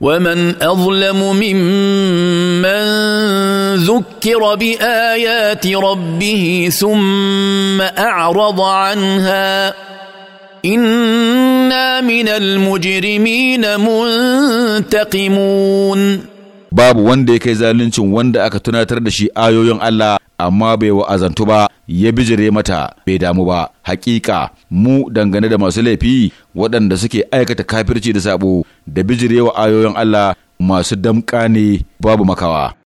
ومن اظلم ممن ذكر بايات ربه ثم اعرض عنها انا من المجرمين منتقمون باب وندي كيزالنشن وندا اكتناتر دشي ايو يون الله amma bai wa'azantu ba ya bijire mata bai damu ba hakika mu dangane da masu laifi waɗanda suke aikata kafirci da sabo da bijirewa ayoyin Allah masu damƙa ne babu makawa